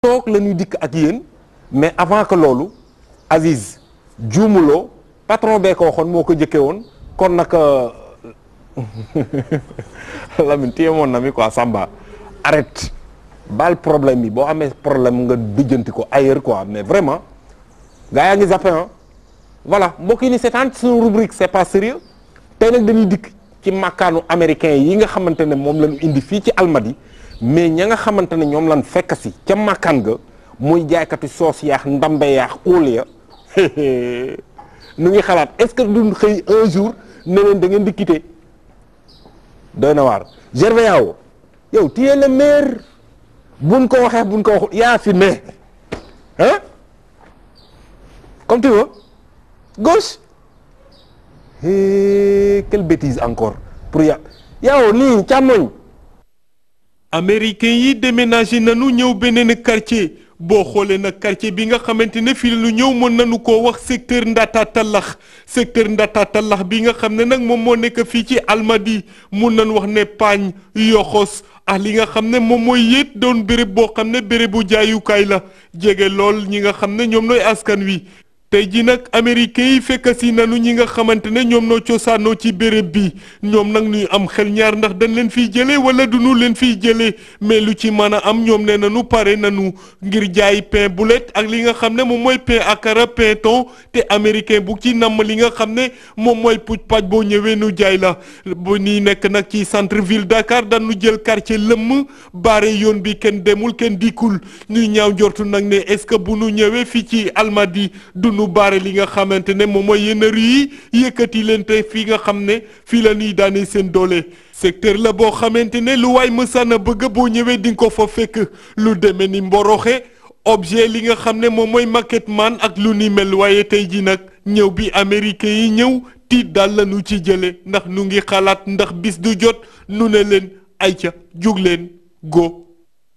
toog la dikk ak yéen mais avant que loolu Aziz juumuloo patron bee ko waxoon moo ko jëkke woon kon nag euh, Lamine téye moon na ko quoi Samba arrête baal problème yi boo amee problème nga dijjanti ko ailleurs quoi mais vraiment gaa yaa ngi zappé voilà mbokk yi ni seetaan ci suñu rubrique c'est pas sérieux tey nag dañuy dikk ci màkkaanu américain yi nga xamante ne moom la ñu indi fii ci Almadi mais ña nga xamante ne ñoom lan fekk si ca màkkaan ga muy jaaykati soos yaax ndambe yaax óol ya nu ngi xalaat est-ce que duñ xëy un jour ne leen da ngeen di quitter doy na waar Gervais Yao yow téye le maire buñ ko waxee buñ ko waxul yaa fi ne hein comme tu veux gauche eh quelle encore pour ya yow nii càmmoñ américain yi déménagé nanu ñëw beneen quartier boo xoolee nag quartier bi nga xamante ne fii lu ñëw mën nañu koo wax secteur Ndata Talax secteur bi nga xam ne nag moom moo nekk fii ci Almadi mun nañ wax ne Paañ Yoxos ah li nga xam ne moom mooy yéet doon béréb boo xam ne bérébu jaayukaay la jege lool ñi nga xam ne ñoom nooy askan wi tey jii nag américain yi fekk si nanu ñi nga xamante ne ñoom noo cosaanoo ci béréb bi ñoom nag ñu am xel ñaar ndax dañ leen fiy jëlee wala duñu leen fiy jëlee mais lu ci mën a am ñoom ne nanu pare nanu ngir jaay pain boulet ak li nga xam ne moom mooy pain akara pain thon bu ci namm li nga xam ne moom mooy pucc paj boo ñëwee nu jaay la bu nii nekk nag ci centre ville Dakar dañu jël quartier lëmm baare yoon bi kenn demul kenn dikkul ñuy ñaaw jortu nag ne est-ce que bu nu ñëwee fii ci Almadi du nu baare li nga xamante ne moom mooy yénn rue yi yëkkati leen te fii nga xam ne fii la ñuy daanee seen doole secteur la boo xamante ne lu waay mësaan a bëgg boo ñëwee di nga ko fa fekk lu deme ni mboroxe objet li nga xam ne moom mooy maquette man ak lu ni mel waaye tey ji nag ñëw bi américain yi ñëw tiit daal la ñu ci jële ndax nu ngi xalaat ndax bis du jot nu ne leen ayca jug leen go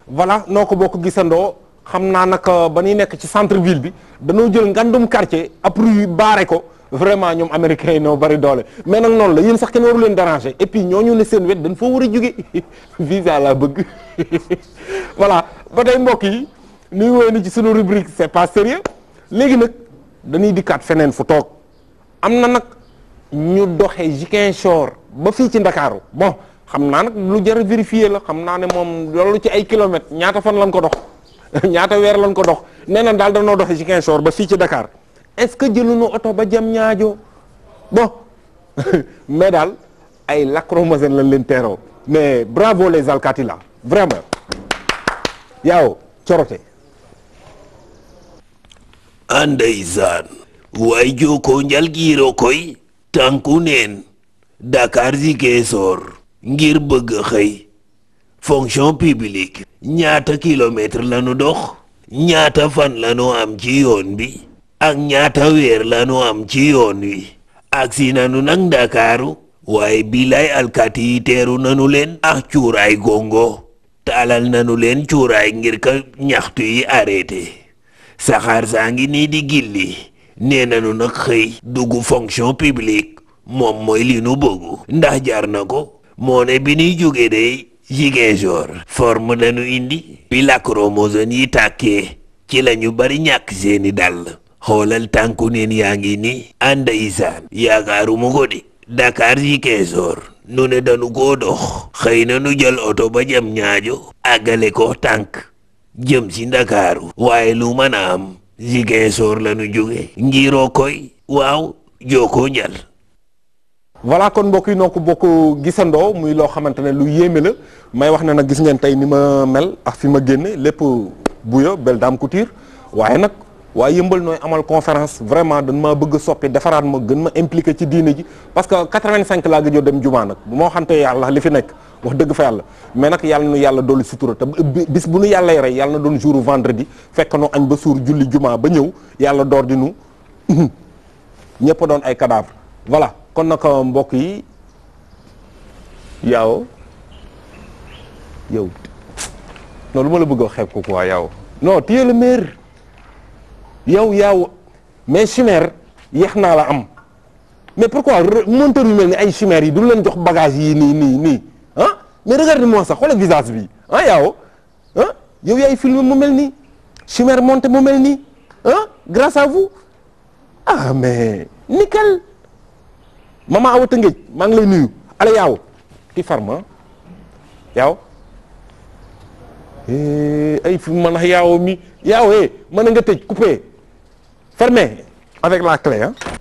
voilà noo ko bokk gisandoo xam naa nag euh, ba ñuy nekk ci centre ville bi dañoo jël ngandum quartier après yu baare ko vraiment ñoom américains yi ñoo bari doole mais nag noonu la yéen sax kenn waru leen déranger et puis ñooñu ne seen wet dañ foo war a jóge visa laa bëgg voilà ba tey mbokk yi nuy woy ni ci sunu rubrique c'est pas sérieux léegi nag dañuy dikkaat feneen fu toog am na nag ñu doxe Ziguinchor ba fii ci Ndakaaru bon xam naa nag lu jar a vérifier la xam naa ne moom loolu ci ay kilomètres fan lañ ko dox ñaata weer lañ ko dox nee daal danoo doxee ci Ziguinchor ba fii ci Dakar est-ce que jëluñu oto ba jëm ñaajo bon mais daal ay lacrymogène lañ leen teeroo mais bravo les alkaati là vraiment yow corote andeysaan way joko njal koy tànku neen Dakar Ziguinchor ngir bëgg xëy fonction publique ñaata kilomètre lañu dox ñaata fan lañu am ci yoon bi ak ñaata weer lañu am ci yoon wi agsi nañu nag ndakaaru waaye bilaay alkaati yi teeru nañu leen ak cuuraay gongo taalal nañu leen cuuraay ngir ka ñaxtu yi arrêté saxaar saa ngi nii di gilli nee nanu nag xëy dugg fonction publique moom mooy li nu bëggu ndax jar na ko moo ne bi nuy jóge dey Ziguinchor forme lañu indi bi la chromosome yi tàkkee ci la ñu bari ñàkk seeni dàll xoolal tànku neen yaa ngi ni ànda isaan yaakaaruma ko di Dakar Ziguinchor nu ne dañu koo dox xëy na nu jël oto ba jëm ñaajo àggale ko tànk jëm si ndakaaru waaye lu mën a am Ziguinchor la nu jóge ngiroo koy waaw jookoo njal voilà kon mbokk yi noo ko bokk gisandoo muy loo xamante ne lu yéeme la may wax na nag gis ngeen tey ni ma mel ak fi ma génne lépp bu buya belle dame couture waaye nag waaye yëmbal nooy amal conférence vraiment dan maa bëgg a soppi defaraat ma gën ma impliqué ci diine ji parce que 85 laa gëjoo dem jumaa nag bu ma waxante yàlla li fi nekk wax dëgg fa yàlla mais nag yàlla nu yàlla doolu sutura te bis bu nu yàllay rey yàlla doon jour vendredi fekk nu añ ba suur julli jumaa ba ñëw yàlla door di nu doon ay cadavre kon nag mbokk yi yaw yow non lu ma la bëgg a xeeb ko quoi yaaw non tu es le maire yow yaaw mais chimère yeex naa la am mais pourquoi monteur yu mel ni ay chimère yi du leen jox bagage yi nii ni nii ah mais regarde moi sax xoolal visage bi ah yaaw ah yow yaay filmer mu mel nii chimère monté mu mel nii ah grâce à vous ah mais maman Awa Tëngéej maa ngi lay nuyu ale yaaw ti farma yaaw eh, ay fi man yaaw mi yaaw eh na nga tëj coupé avec la clé